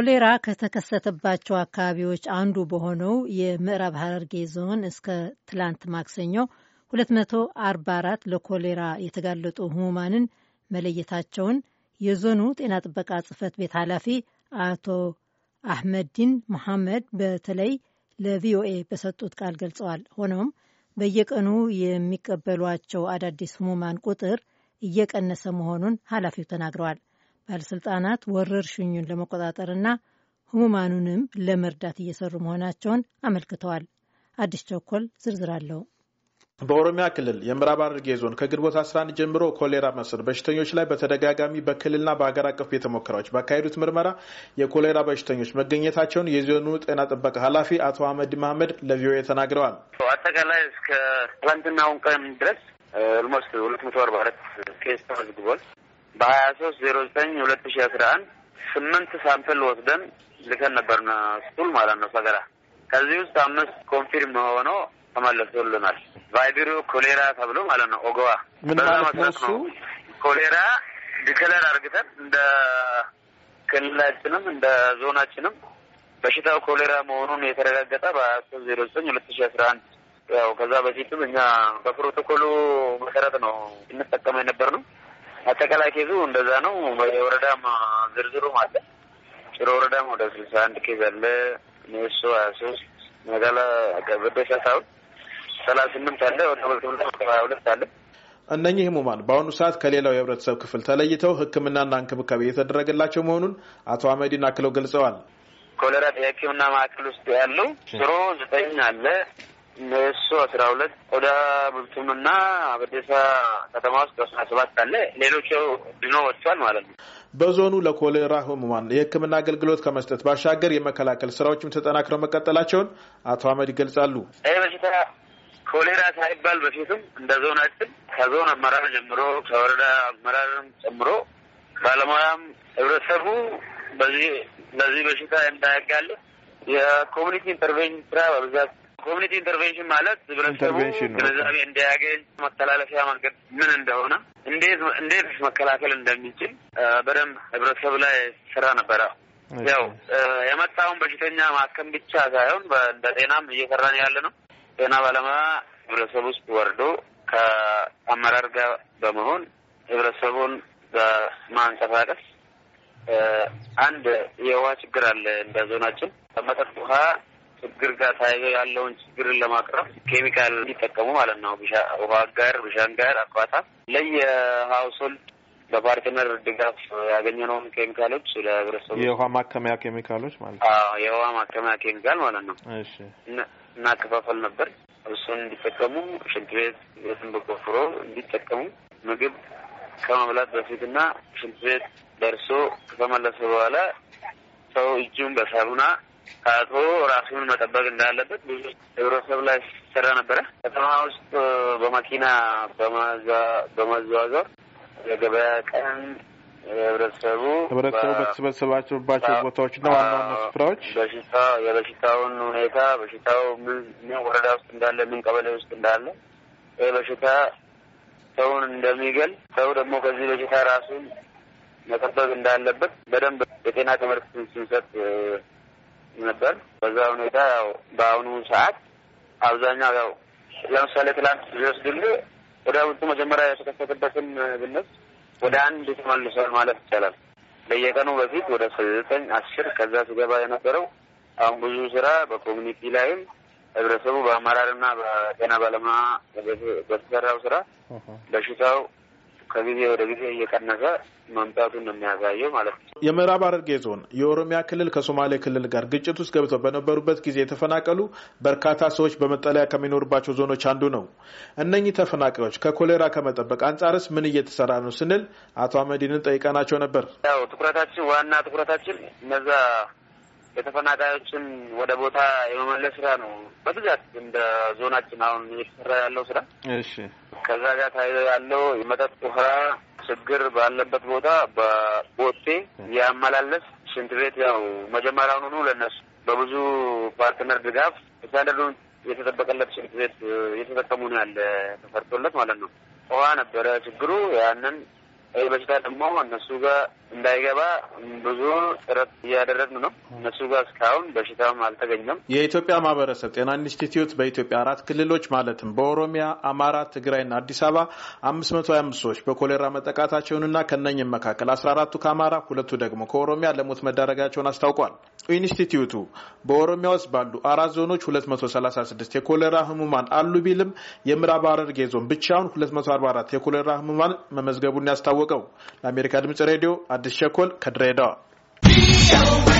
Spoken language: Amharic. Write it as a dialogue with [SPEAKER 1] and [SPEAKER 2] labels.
[SPEAKER 1] ኮሌራ ከተከሰተባቸው አካባቢዎች አንዱ በሆነው የምዕራብ ሀረርጌ ዞን እስከ ትላንት ማክሰኞ 244 ለኮሌራ የተጋለጡ ህሙማንን መለየታቸውን የዞኑ ጤና ጥበቃ ጽህፈት ቤት ኃላፊ አቶ አህመድዲን መሐመድ በተለይ ለቪኦኤ በሰጡት ቃል ገልጸዋል። ሆኖም በየቀኑ የሚቀበሏቸው አዳዲስ ህሙማን ቁጥር እየቀነሰ መሆኑን ኃላፊው ተናግረዋል። ባለሥልጣናት ወረርሽኙን ለመቆጣጠርና ህሙማኑንም ለመርዳት እየሰሩ መሆናቸውን አመልክተዋል። አዲስ ቸኮል ዝርዝር አለው። በኦሮሚያ ክልል የምዕራብ ሐረርጌ ዞን ከግንቦት 11 ጀምሮ ኮሌራ መሰል በሽተኞች ላይ በተደጋጋሚ በክልልና በሀገር አቀፍ ቤተ ሙከራዎች ባካሄዱት ምርመራ የኮሌራ በሽተኞች መገኘታቸውን የዞኑ ጤና ጥበቃ ኃላፊ አቶ አህመድ መሀመድ ለቪኦኤ ተናግረዋል።
[SPEAKER 2] አጠቃላይ እስከ ትናንትናውን ቀን ድረስ ኦልሞስት ሁለት መቶ አርባ ኬስ ተመዝግቧል። በሀያ ሶስት ዜሮ ዘጠኝ ሁለት ሺ አስራ አንድ ስምንት ሳምፕል ወስደን ልከን ነበር ስኩል ማለት ነው ሰገራ። ከዚህ ውስጥ አምስት ኮንፊርም ሆኖ ተመለሱልናል። ቫይቢሪዮ ኮሌራ ተብሎ ማለት ነው ኦገዋ። በዛ መሰረት ነው ኮሌራ ዲክለር አድርግተን እንደ ክልላችንም እንደ ዞናችንም በሽታው ኮሌራ መሆኑን የተረጋገጠ በሀያ ሶስት ዜሮ ዘጠኝ ሁለት ሺ አስራ አንድ ያው ከዛ በፊትም እኛ በፕሮቶኮሉ መሰረት ነው እንጠቀመ የነበር ነው አጠቃላይ ኬዙ እንደዛ ነው። የወረዳም ዝርዝሩም አለ። ጭሮ ወረዳም ወደ ስልሳ አንድ ኬዝ አለ። ሜሶ ሀያ ሶስት መጋላ ገበደስ ሳሁን ሰላሳ ስምንት አለ። ወደ ሁለት ሀያ ሁለት አለ።
[SPEAKER 1] እነኚህ ህሙማን በአሁኑ ሰዓት ከሌላው የህብረተሰብ ክፍል ተለይተው ሕክምናና እንክብካቤ እየተደረገላቸው መሆኑን አቶ አህመዲን አክለው ገልጸዋል።
[SPEAKER 2] ኮሌራ የህክምና ማዕከል ውስጥ ያለው ጭሮ ዘጠኝ አለ። ደርሶ አስራ ሁለት ወደ ቡልቱምና አበዴሳ ከተማ ውስጥ አስራ ሰባት አለ። ሌሎቹ ድኖ ወጥቷል ማለት ነው።
[SPEAKER 1] በዞኑ ለኮሌራ ህሙማን የሕክምና አገልግሎት ከመስጠት ባሻገር የመከላከል ስራዎችም ተጠናክረው መቀጠላቸውን አቶ አህመድ ይገልጻሉ።
[SPEAKER 2] ይህ በሽታ ኮሌራ ሳይባል በፊትም እንደ ዞናችን ከዞን አመራር ጀምሮ ከወረዳ አመራርም ጨምሮ ባለሙያም ህብረተሰቡ በዚህ በዚህ በሽታ እንዳያጋለ የኮሚኒቲ ኢንተርቬንሽን ስራ በብዛት ኮሚኒቲ ኢንተርቬንሽን ማለት ህብረተሰቡ ግንዛቤ እንዲያገኝ መተላለፊያ መንገድ ምን እንደሆነ እንዴት እንዴት መከላከል እንደሚችል በደንብ ህብረተሰብ ላይ ስራ ነበረ። ያው የመጣውን በሽተኛ ማከም ብቻ ሳይሆን እንደ ጤናም እየሰራን ያለ ነው። ጤና ባለሙያ ህብረተሰብ ውስጥ ወርዶ ከአመራር ጋር በመሆን ህብረተሰቡን በማንቀሳቀስ አንድ የውሃ ችግር አለ እንደ ዞናችን መጠጥ ውሃ ችግር ጋር ተያይዞ ያለውን ችግርን ለማቅረብ ኬሚካል እንዲጠቀሙ ማለት ነው። ውሃ ጋር ብሻን ጋር አኳታ ለየ ሀውስሆልድ በፓርትነር ድጋፍ ያገኘነውን ኬሚካሎች ለህብረተሰቡ
[SPEAKER 1] የውሃ ማከሚያ ኬሚካሎች ማለት ነው።
[SPEAKER 2] የውሃ ማከሚያ ኬሚካል ማለት ነው። እሺ እናከፋፈል ነበር። እሱን እንዲጠቀሙ ሽንት ቤት ቤትን በቆፍሮ እንዲጠቀሙ ምግብ ከመብላት በፊትና ሽንት ቤት ደርሶ ከተመለሰ በኋላ ሰው እጁን በሳሙና ታጥቦ ራሱን መጠበቅ እንዳለበት ብዙ ህብረተሰብ ላይ ሲሰራ ነበረ። ከተማ ውስጥ በመኪና በመዘዋወር የገበያ ቀን ህብረተሰቡ ህብረተሰቡ
[SPEAKER 1] በተሰበሰባቸውባቸው ቦታዎችና ዋና ዋና ስፍራዎች
[SPEAKER 2] በሽታ የበሽታውን ሁኔታ በሽታው ምን ወረዳ ውስጥ እንዳለ ምን ቀበሌ ውስጥ እንዳለ ይህ በሽታ ሰውን እንደሚገል ሰው ደግሞ ከዚህ በሽታ ራሱን መጠበቅ እንዳለበት በደንብ የጤና ትምህርት ስንሰጥ ነበር። በዛ ሁኔታ ያው በአሁኑ ሰዓት አብዛኛው ያው ለምሳሌ ትላንት ቢወስድል ወደ ውጡ መጀመሪያ የተከፈተበትን ብንስ ወደ አንድ ተመልሷል ማለት ይቻላል። በየቀኑ በፊት ወደ ዘጠኝ አስር ከዛ ሲገባ የነበረው አሁን ብዙ ስራ በኮሚኒቲ ላይም
[SPEAKER 1] ህብረተሰቡ በአመራርና
[SPEAKER 2] በጤና ባለሙያ በተሰራው ስራ በሽታው ከጊዜ ወደ ጊዜ እየቀነሰ መምጣቱን ነው የሚያሳየው ማለት
[SPEAKER 1] ነው። የምዕራብ ሐረርጌ ዞን የኦሮሚያ ክልል ከሶማሌ ክልል ጋር ግጭት ውስጥ ገብተው በነበሩበት ጊዜ የተፈናቀሉ በርካታ ሰዎች በመጠለያ ከሚኖርባቸው ዞኖች አንዱ ነው። እነኚህ ተፈናቃዮች ከኮሌራ ከመጠበቅ አንጻርስ ምን እየተሰራ ነው ስንል አቶ አመዲንን ጠይቀናቸው ነበር።
[SPEAKER 2] ያው ትኩረታችን ዋና ትኩረታችን እነዛ የተፈናቃዮችን ወደ ቦታ የመመለስ ስራ ነው በብዛት እንደ ዞናችን አሁን እየተሰራ ያለው ስራ። እሺ ከዛ ጋር ታይዘ ያለው የመጠጥ ውሃ ችግር ባለበት ቦታ በቦቴ ያመላለስ ሽንት ቤት ያው መጀመሪያውኑ ነው ለነሱ በብዙ ፓርትነር ድጋፍ ስታንደርዱ የተጠበቀለት ሽንት ቤት እየተጠቀሙ ነው ያለ ተፈርቶለት ማለት ነው። ውሃ ነበረ ችግሩ ያንን ይህ በሽታ ደግሞ እነሱ ጋር እንዳይገባ ብዙ ጥረት እያደረግን ነው። እነሱ ጋር እስካሁን በሽታም አልተገኘም።
[SPEAKER 1] የኢትዮጵያ ማህበረሰብ ጤና ኢንስቲትዩት በኢትዮጵያ አራት ክልሎች ማለትም በኦሮሚያ፣ አማራ፣ ትግራይና አዲስ አበባ አምስት መቶ ሀያ አምስት ሰዎች በኮሌራ መጠቃታቸውንና ከነኝም መካከል አስራ አራቱ ከአማራ ሁለቱ ደግሞ ከኦሮሚያ ለሞት መዳረጋቸውን አስታውቋል። ኢንስቲትዩቱ በኦሮሚያ ውስጥ ባሉ አራት ዞኖች ሁለት መቶ ሰላሳ ስድስት የኮሌራ ህሙማን አሉ ቢልም የምዕራብ ሐረርጌ ዞን ብቻውን ሁለት መቶ አርባ አራት የኮሌራ ህሙማን መመዝገቡን ያስታው የሚታወቀው። ለአሜሪካ ድምጽ ሬዲዮ አዲስ ሸኮል ከድሬዳዋ